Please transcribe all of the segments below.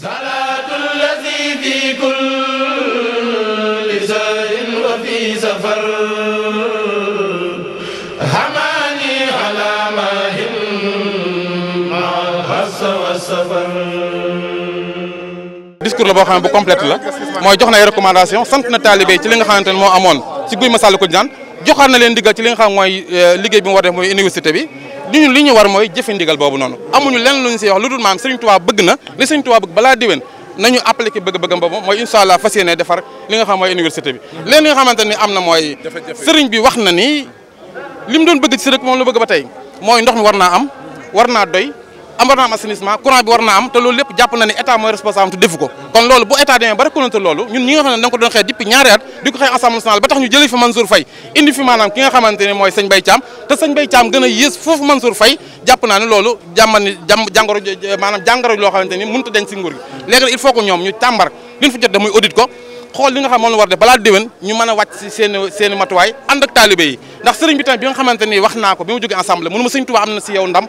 صلاة الذي في كل سهر وفي سفر حماني على ماهن مع الحس والسفر discours la boo xam bu complète la mooy jox na ay recommandation sant na taalibe ci li nga xamante ne moo ci guy Masaalikul Jinaan joxaat na leen diggal ci li nga xam mooy liggéey bi mu war def mooy université bi li ñu li ñu war mooy jëfe boobu noonu amuñu lenn lu ñu si wax lu dul maam Serigne Touba bëgg na li Serigne Touba bëgg balaa déwén nañu appliqué bëgg-bëggam boobu mooy incha allah fas yéene defar li nga xam mooy université bi leen li nga xamante ni am na mooy sëriñ bi wax na ni li mu doon bëgg ci rek moom la bëgg ba tey mooy ndox mi war naa am war naa doy amarna war assainissement courant bi warna am te lolou lepp japp na ni état moy responsable te defu ko kon lolou bu état demé ba reconnaître lolou ñun ñi nga xamne ne da nga ko doon xé depuis ñaari at diko xé assemblée nationale ba tax ñu jël fi Mansour fay indi fi manam ki nga xamanteni moy seigne sëñ cham te seigne Mbaye cham gëna yees fofu Mansour fay japp na ni lolou jamani jangoro manam jangoro lo xamanteni muntu dañ ci si nguur gi légui il faut ko ñom ñu tàmbar liñ fa jot damuy audit ko xol li nga xamone war def bala déwén ñu mëna wacc ci si seen seen matuway and ak talibé yi ndax sëriñ bi tam bi nga xamanteni waxna ko bi mu jógee ensemble mënu ma sëñ Tuubaa am na yow ndam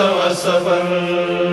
سوى السفر